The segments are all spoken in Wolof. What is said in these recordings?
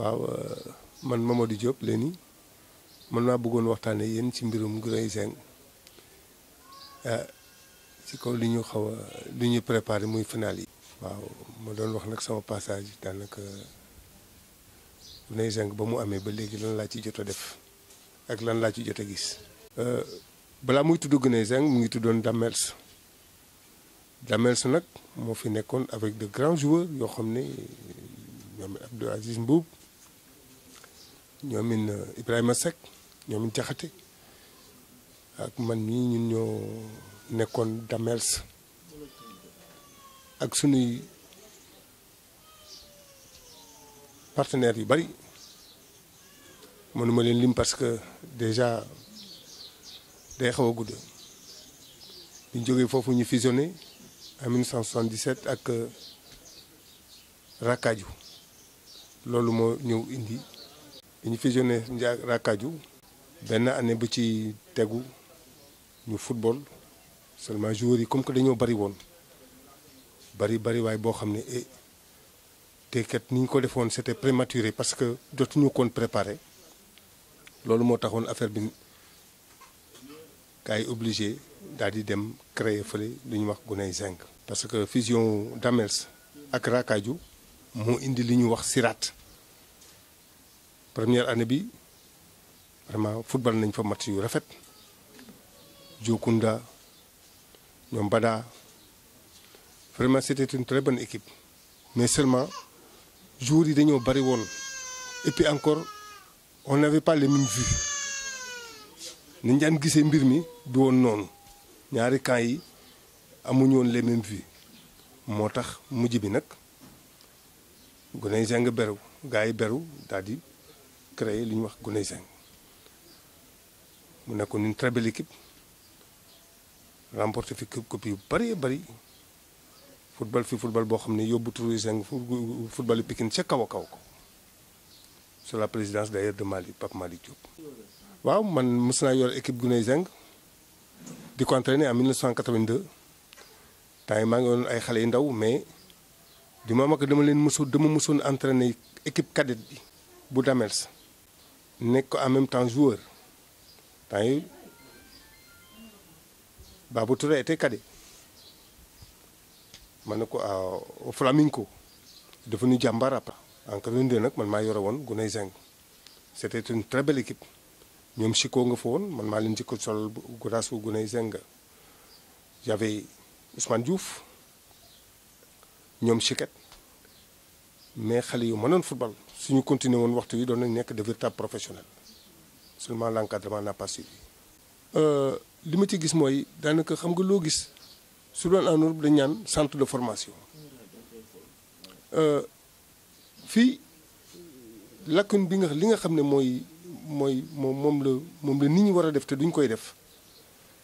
waaw euh, man di Diop léegi mën naa bëggoon waxtaane yéen ci mbirum Guy Zeng euh, ci kaw li ñu xaw a li ñu préparé muy final yi. waaw ma doon wax nag sama passage daanaka Guy Zeng ba mu amee ba léegi laa ci jot a def ak lan laa ci jot a gis. Euh, balaa muy tudd Guy Zeng mu ngi tuddoon Damels Damels nag moo fi nekkoon avec de grands joueurs yoo xam ne ñoom Abdou Aziz Mboub. ñoomin euh, Ibrahima Seck ñoomin Jaxate ak man ñi ñun ñoo nekkoon Damels ak sunuy partenaires yu bari mënuma leen lim parce que déjà day xaw a gudd bi ñu foofu ñu fusionné en 1977 ak euh, Rakkaaju loolu moo ñëw indi ñu fusionné Ndiak Rakaju benn année bu ci tegu ñu football seulement joueurs yi comme que dañoo bari woon bari bari waaye boo xam ne eh, te kat ni ñu ko defoon c'était prématuré parce que jotuñu koon préparer loolu moo taxoon affaire bi kaay obligé daal di dem créer fële lu ñu wax Guney Zinc. parce que fusion Damels ak Rakaju moo indi li ñu wax Sirat. première année bi vraiment football nañ fa match yu rafet Diokunda ñoom Bada vraiment c' était une très bonne équipe mais seulement jours yi dañoo bëri woon et encore on n'avait pas les mêmes nañ daan gisee mbir mi du woon noonu ñaari camps yi amuñu woon les mêmes moo tax mujj bi nag gone yi jàng beru gars yi beru daal créé li ñu wax Guneysen mu nekkoon une très belle équipe remporté fi coupe yu bari bari football fi football boo xam ne yóbbu turu Guneysen football yu Pikine ca kaw a kaw ko sur la présidence d'ailleurs de Mali Pape Malick Diop. waaw man mës naa yor équipe Guneysen di ko entraîné en 1982 temps yi maa ngi woon ay xale yu ndaw mais du ma mag dama leen mësoon dama mësoon entraîné équipe cadette bi bu Damels. nekk en même temps joueur temps yi Babou Touré était cadet ma ne ko ah, au Flamenco dafa ñu jàmbaar après en 82 nag man maa yore woon Guney Zeng c' était une très belle équipe ñoom Chico nga fa woon man maa leen jikko sol grâce au Guney Zeng y avait ñoom Chiquet mais xale yu mënoon football. suñu continuer woon waxtu yi doon nañ nekk de véritable professionnel seulement l'encadrement n'a pas suivi euh, li ma ci gis mooy daanaka xam nga loo gis su doon en Europe dañ ñaan centre de formation euh, fii lacune bi nga li nga xam ne mooy mooy moom moom la moom la nit ñi war a def te duñ koy def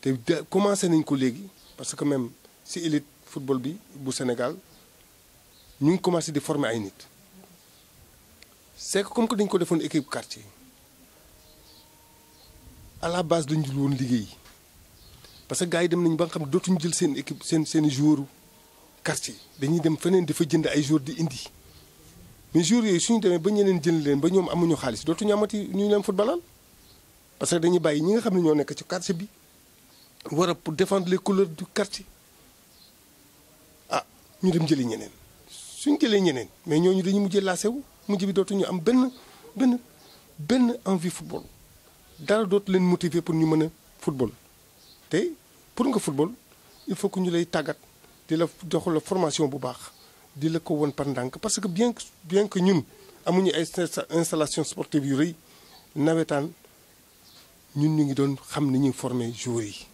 te commencé nañ ko léegi parce que même si élite football bi bu Sénégal ñu ngi commencé di former ay nit c'est que comme que dañ ko defoon équipe quartier à la base dañ jël woon liggéey parce que gars yi dem nañu ba nga xam ne dootuñu jël seen équipe seen seen jour joueurs quartier dañuy dem feneen di dafa jënd ay joueurs di indi mais joueurs yooyu suñu demee ba ñeneen jënd leen ba ñoom amuñu xaalis dootuñu amati ñu leen footballal parce que dañuy bàyyi ñi nga xam ne ñoo nekk ci quartier bi war a pour défendre les couleurs du quartier ah ñu dem jëli ñeneen suñ jëlee ñeneen mais ñooñu dañu mujjee laasewu mujj bi dootu ñu am benn benn benn envie football dara dootu leen motiver pour ñu mën a football te pour nga football il faut que ñu lay tàggat di la jox la formation bu baax di la ko woon par ndànk parce que bien bien que ñun amuñu ay installation sportive yu rëy nawetaan ñun ñu ngi doon xam ni ñuy former jour yi.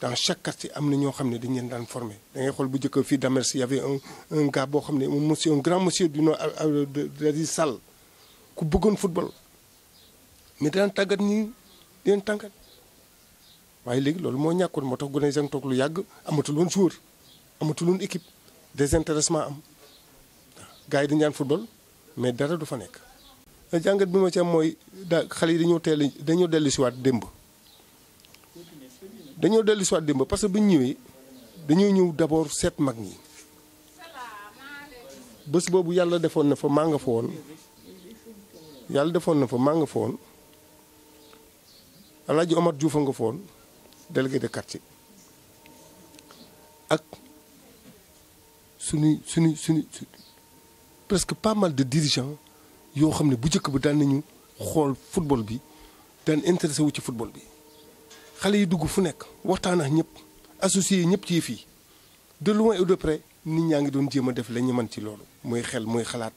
dans chaque quartier am na ñoo xam ne dañ leen daan forme da ngay xool bu njëkk fii Damers y un un boo xam ne un monsieur un grand monsieur du nom euh, euh, di Sall ku bëggoon football mais tàggat ñi daan tàggat waaye léegi loolu moo ñàkkoon moo tax gone jàng lu yàgg amatul woon joueur amatul woon équipe désintéressement am gars yi dañ daan football mais dara du fa nekk. jàngat bi ma ci am mooy da xale yi dañoo teel dañoo dellu siwaat démb. dañoo dellu si démb parce que bu ñu ñëwee dañoo ñëw d' abord seet mag ñi bés boobu yàlla defoon na fa maa nga fa woon yàlla defoon na fa maa nga fa woon Alaaji Omar Diouf a nga fa woon délégué de quartier ak suñu suñu suñu presque pas mal de dirigeants yoo xam ne bu njëkk ba daan nañu xool football bi daan intéressé wu ci football bi. xale yi dugg fu nekk waxtaan ak ñëpp associé ñëpp ci fii de loin et de près nit ñaa ngi doon jéem a def la ñu mën ci loolu muy xel muy xalaat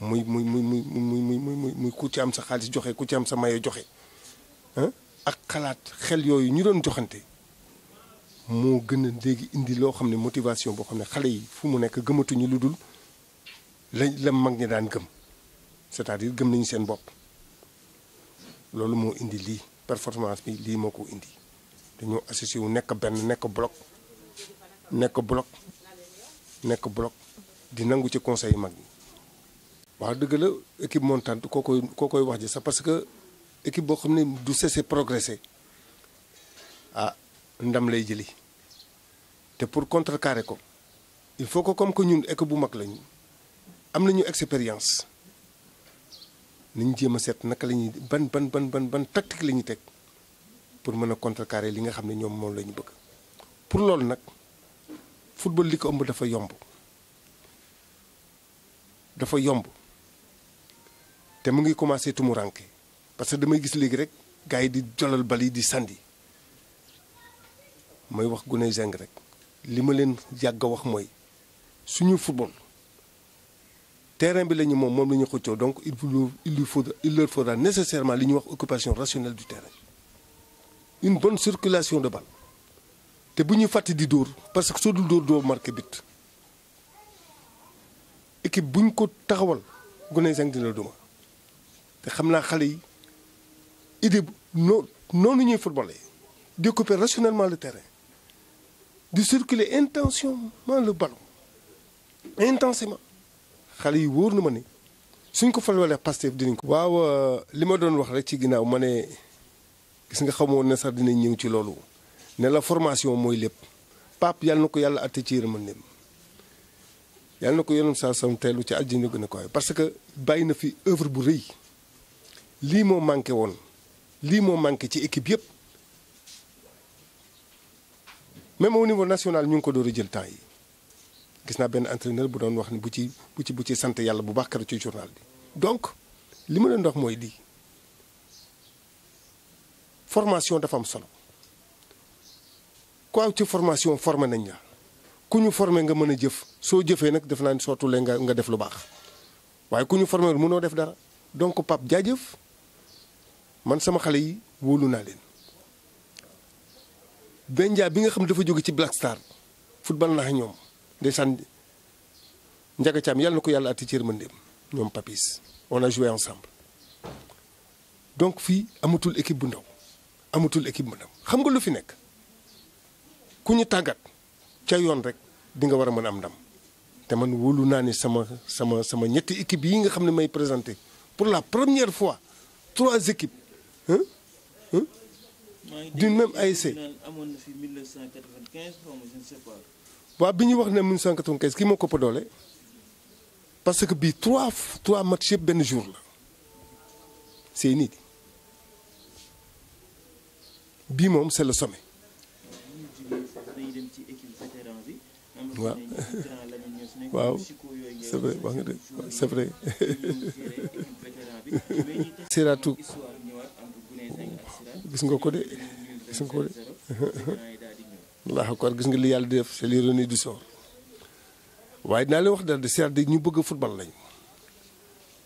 muy muy muy muy muy muy muy ku ci am sa xaalis joxe ku ci am sa maye joxe ak xalaat xel yooyu ñu doon joxante moo gën a léegi indi loo xam ne motivation boo xam ne xale yi fu mu nekk gëmatuñu lu dul la la mag ñi daan gëm c'est-à-dire gëm nañu seen bopp loolu moo indi lii performance bi lii moo ko indi dañoo associé wu nekk benn nekk bloc nekk bloc nekk bloc di nangu ci conseil mag yi. waaw dëgg la équipe montante koo koy koo koy wax ji sax parce que équipe boo xam ne du cesser progresser ah ndam lay jëli te pour contre contrecarrer ko il faut que comme que ñun équipe bu mag lañu am nañu expérience nañ jéem a seet naka lañuy ban ban ban ban ban tactique la ñuy teg. pour mën a contrecarrer li nga xam ne ñoom moom lañu ñu bëgg pour loolu nag football li ko ëmb dafa yomb dafa yomb te mu ngi commencé tumuranke parce que damay gis léegi rek gars yi di jolal bali di sandi mooy wax gune zeng rek li ma leen yàgg a wax mooy suñu football terrain bi la ñu moom moom la ñu xëccoo donc il il il leur faudra nécessairement li ñu wax occupation rationnelle du terrain une bonne circulation de balle te bu ñuy fàtte di dóor parce que soo dul dóor doo marqué but équipe bu ñu ko taxawal gone sànq dina la duma te xam naa xale yi idée noo noonu ñuy footballé découper rationnellement le terrain di circuler intentionnellement le ballon intensément xale yi wóor na ma ni suñ ko falwalee Pastef dinañ ko. waaw euh, li ma doon wax rek ci ginnaaw ma ne. gis nga xamoon ne sax dinañ ñëw ci loolu ne la formation mooy lépp Pape yàlla na ko yàlla atte ci yërmandeem yàlla na ko yonam saa sam teelu ci aljana gën a ko parce que bàyyi na fi œuvre bu rëy lii moo manqué woon lii moo manqué ci équipe yëpp même au niveau national ñu ngi ko door a jël temps yi gis naa benn entraîneur bu doon wax ni bu ci bu ci bu ci sant yàlla bu baax keroog ci journal bi donc li ma leen ndox mooy lii. formation dafa am solo ku aw ci formation formé nañ la ku ñu forme nga mën a jëf soo jëfee nag def naa ni soo tulee nga nga def lu baax waaye ku ñu formé mënoo def dara donc Pape jaajëf man sama xale yi wóolu naa leen. Benja bi nga xam dafa jóge ci Black Star football naa ñoom ndeysaan Njaga Caam yàlla na ko yàlla ati ci yërmandeem ñoom Papis on a joué ensemble donc fii amatul équipe bu ndaw. amatul équipe bu ndaw xam nga lu fi nekk ku ñu tàggat ca yoon rek di nga war a mën a am ndam te man wóolu naa ni sama sama sama ñetti équipe yi nga xam ne may présenté pour la première fois trois équipes hein hein d'une même ay amoon na fi 1995 je ne sais bi ñu wax ne 1995 ki moo ko doole parce que bii trois trois matchs yëpp benn jour la c'est inédit. bii moom c'est le sommet. waaw waaw c'est vrai wax nga dëgg c'est vrai. Seratou gis nga ko de gis nga ko de. Allahu akbar gis nga li yàlla di def c'est l'ironie du sort waaye dinaa leen wax dara de Seratou de ñu bëgg football lañu.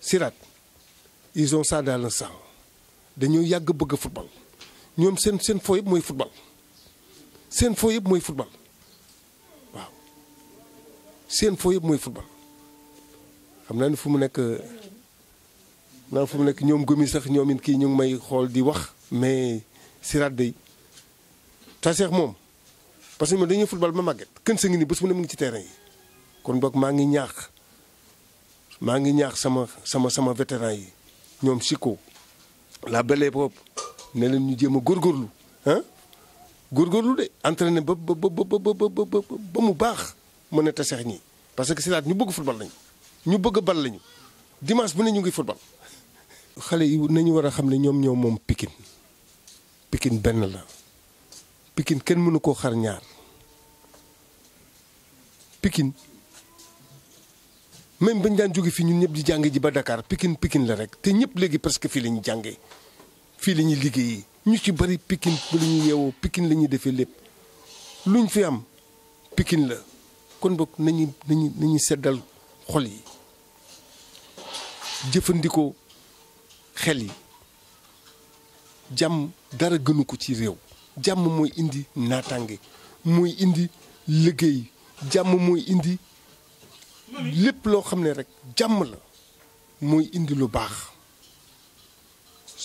Seratou ils ont ça dans le sang yàgg bëgg football. ñoom seen seen foo yëpp mooy football seen foo yëpp mooy football waaw seen foo yëpp mooy football xam naa ne fu mu nekk naa fu mu nekk ñoom gomi sax ñoom kii ñu may xool di wax mais si day taseex moom parce que ñoom dañuy football ba màgget kën sa ngi ni bés mu ne mu ngi ci terrain yi kon boog maa ngi ñaax maa ngi ñaax sama sama sama vétéran yi ñoom Chico la belle époque ne leen ñu jéem a góorgóorlu ah góorgóorlu de entraîné ba ba ba ba ba mu baax mën a taseex ñii parce que Sidaat ñu bëgg football lañu ñu bëgg bal lañu dimanche bu ne ñu ngi football. xale yi nañu war a xam ne ñoom ñoo moom Pikine Pikine benn la Pikine kenn mënu koo xar ñaar Pikine même bañ daan jóge fi ñu ñëpp di jànge ji ba dakaar Pikine Pikine la rek te ñëpp léegi presque fii la ñu jàngee. fii la ñuy liggéey ñu ci bari Pikine ba la yeewoo Pikine la ñuy defee lépp luñ fi am pikin la kon boog nañu nañu nañu seddal xol yi jëfandikoo xel yi jàmm dara gënu ko ci réew jàmm mooy indi naataange mooy indi liggéey jàmm mooy indi lépp loo xam ne rek jàmm la mooy indi lu baax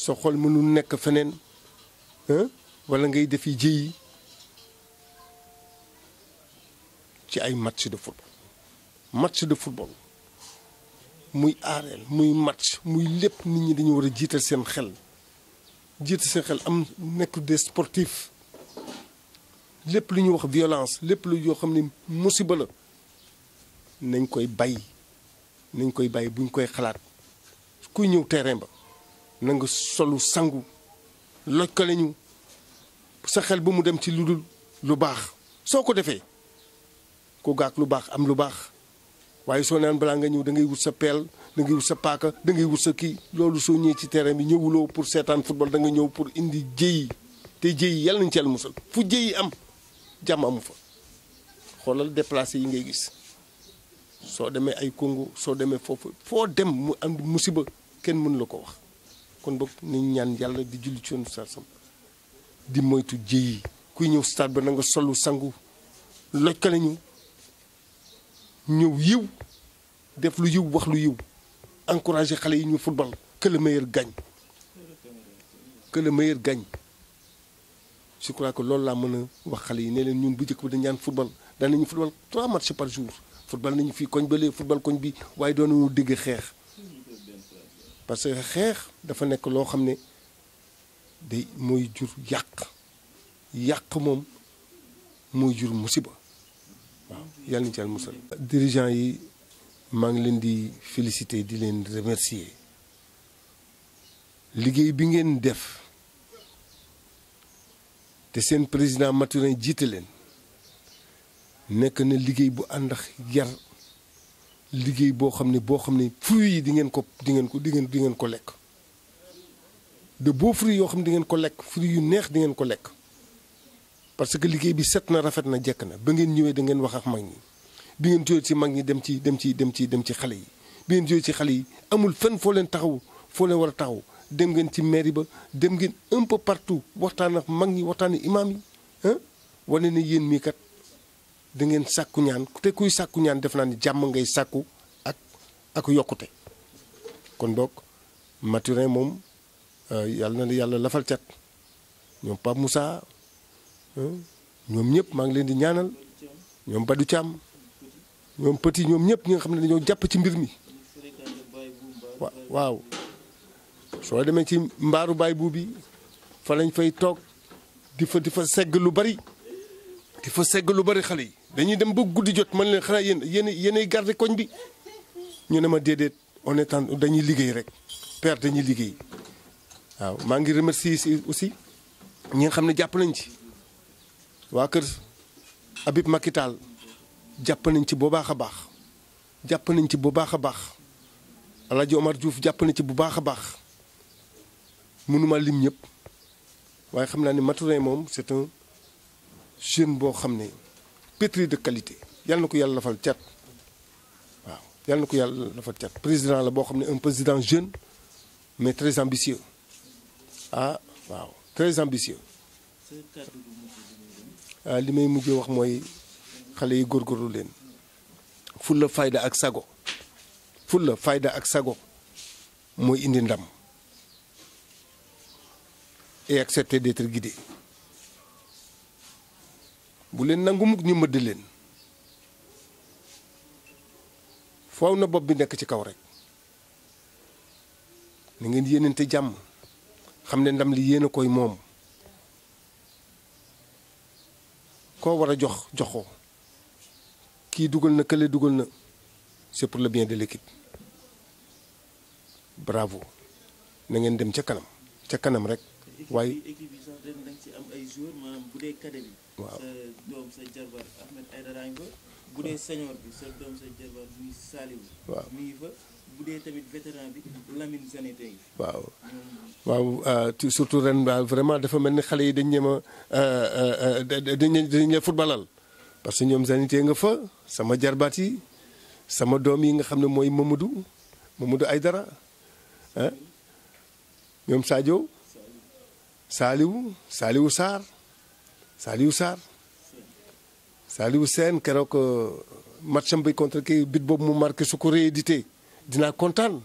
soo xool mënul nekk feneen wala ngay def defi jëyi ci ay match de football match de football muy aareel muy match muy lépp nit ñi dañu war a jiital seen xel jiital seen xel am nekk des sportifs lépp lu ñuy wax violence lépp lu yoo xam ne musiba la nañ koy bay nañ koy bàyyi buñ koy xalaat koy ñëw terrain ba na nga solu sangu loj ñu sa xel bu mu dem ci lu dul lu baax soo ko defee ku gaak lu baax am lu baax waaye soo naan balaa nga ñëw dangay ngay wut sa peel da wut sa paaka da ngay wut sa kii loolu soo ñëwee ci terrain bi ñëwuloo pour seetaan football da nga ñëw pour indi jéy te jéy yàlla nañu ci yàlla musal fu jéy am jàmm amu fa xoolal déplacé yi ngay gis soo demee ay Congo soo demee foofu foo dem mu am musiba kenn mënula ko wax. kon boog nañ ñaan yàlla di julli ci yoonu saasam di moytu jéyi kuy ñëw stade ba na solu sangu lojkale ñu ñëw yiw def lu yiw wax lu yiw encouragé xale yi ñu football que le meilleur gagne que gañ meilleur gagne je loolu laa mën a wax xale yi ne leen ñun bu njëkk bi dañ ñaan football daan nañu football trois matchs par jour football nañu fi koñ ba lee football koñ bi waaye doon nañu dégg xeex parce que xeex dafa nekk loo xam ne day mooy jur yàq yàq moom mooy jur musiba waaw yàlla nañu ci musal dirigeant yi maa ngi leen di féliciter di leen remercier liggéey bi ngeen def te seen président Maturin jiite leen nekk na liggéey bu ànd ak yar liggéey boo xam ne boo xam ne fruits yi di ngeen ko di ngeen ko dingeen ngeen ngeen ko lekk de beaux fruits yoo xam ne di ngeen ko lekk fruits yu neex di ngeen ko lekk parce que liggéey bi set na rafet na jekk na ba ngeen ñëwee da ngeen wax ak mag ñi bi ngeen jógee ci mag ñi dem ci dem ci dem ci dem ci xale yi bi ngeen jógee ci xale yi amul fenn foo leen taxaw foo leen war a taxaw dem ngeen ci mairie ba dem ngeen un peu partout waxtaan ak mag ñi waxtaan ak imaam yi wane ne yéen mii da ngeen sàkku ñaan te kuy sàkku ñaan def naa ni jàmm ngay sàkku ak ak yokkute kon donc Maturin moom euh, yàlla na yàlla lafal cat ñoom Pape Moussa ñoom ñëpp maa ngi leen di ñaanal ñoom Badou Thiam ñoom Petit ñoom ñëpp ñi nga xam ne dañoo jàpp ci mbir mi waaw soo demee ci mbaaru baay bu bi fa lañ fay toog di fa di fa segg lu bari di fa segg lu bari xale yi dañuy dem ba guddi jot man leen xanaa yéen yenn yéenay garde koñ bi ñu ne ma déedéet on est dañuy liggéey rek père dañuy liggéey waaw maa ngi remercier si aussi ñi xam ne jàpp nañ ci waa kër Habib makitaal jàpp nañ ci bu baax a baax jàpp nañ ci bu baax a baax El Hadj Omar Diouf jàpp na ci bu baax a baax mënuma lim ñëpp waaye xam naa ne Maturin moom c'est un jeune boo xam ne. pétri de qualité yàlla na ko yàlla lafal cat waaw yàlla na ko yàlla lafal cat président la boo xam ne un président jeune mais très ambitieux ah waaw très ambitieux ah, li may mujjee wax mooy xale yi góorgóorlu leen la fayda ak sago la fayda ak sago mooy indi ndam et accepter d'être guidé bu leen nangu mukk ñu mëdd leen faaw na bopp bi nekk ci kaw rek na ngeen yéenante jàmm xam ne ndam li yéen a koy moom koo war a jox joxoo kii dugal na kële dugal na c'est pour le bien de l'équipe bravo na ngeen dem ca kanam ca kanam rek waaye équipe yi ci am ay joueurs maanaam bu dee cadet bi. waaw sa sa jarbaar Ahmed Aïdara nga bu bi sa doom sa jarbaar waaw mi ngi mm-hmm. euh, surtout ren vraiment dafa mel ni xale yi dañ ñem a euh, euh, dañ dañ footballal parce que ñoom Sané nga fa sama jarbaat yi sama doom yi nga xam ne mooy Mamadou Mamadou ay dara ñoom Sadio. Saliou Saliou Sarr Saliou Sarr Saliou Sène keroog euh, matcham bi contre kii bit boobu mu marqué su ko réédité dinaa kontaan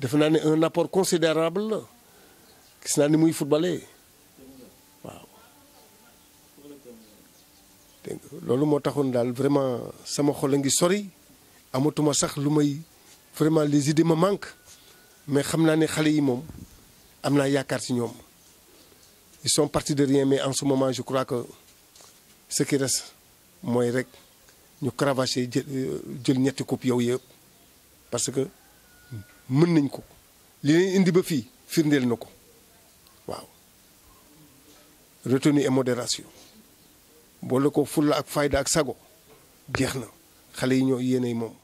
defe naa ne un apport considérable la gis naa ni muy footballé waaw. dégg loolu moo taxoon daal vraiment sama xol a ngi sori amatuma sax lu may vraiment les idées ma manque mais xam naa ne xale yi moom am naa yaakaar ci ñoom. ils sont partis de rien mais en je crois que ce mooy rek ñu cravaché jël euh, jël ñetti coupe yow yëpp parce que mën nañ ko li leen indi ba fii firndeel na ko waaw retenue et modération boole ko fulla ak fayda ak sago jeex na xale yi ñoo yéenay moom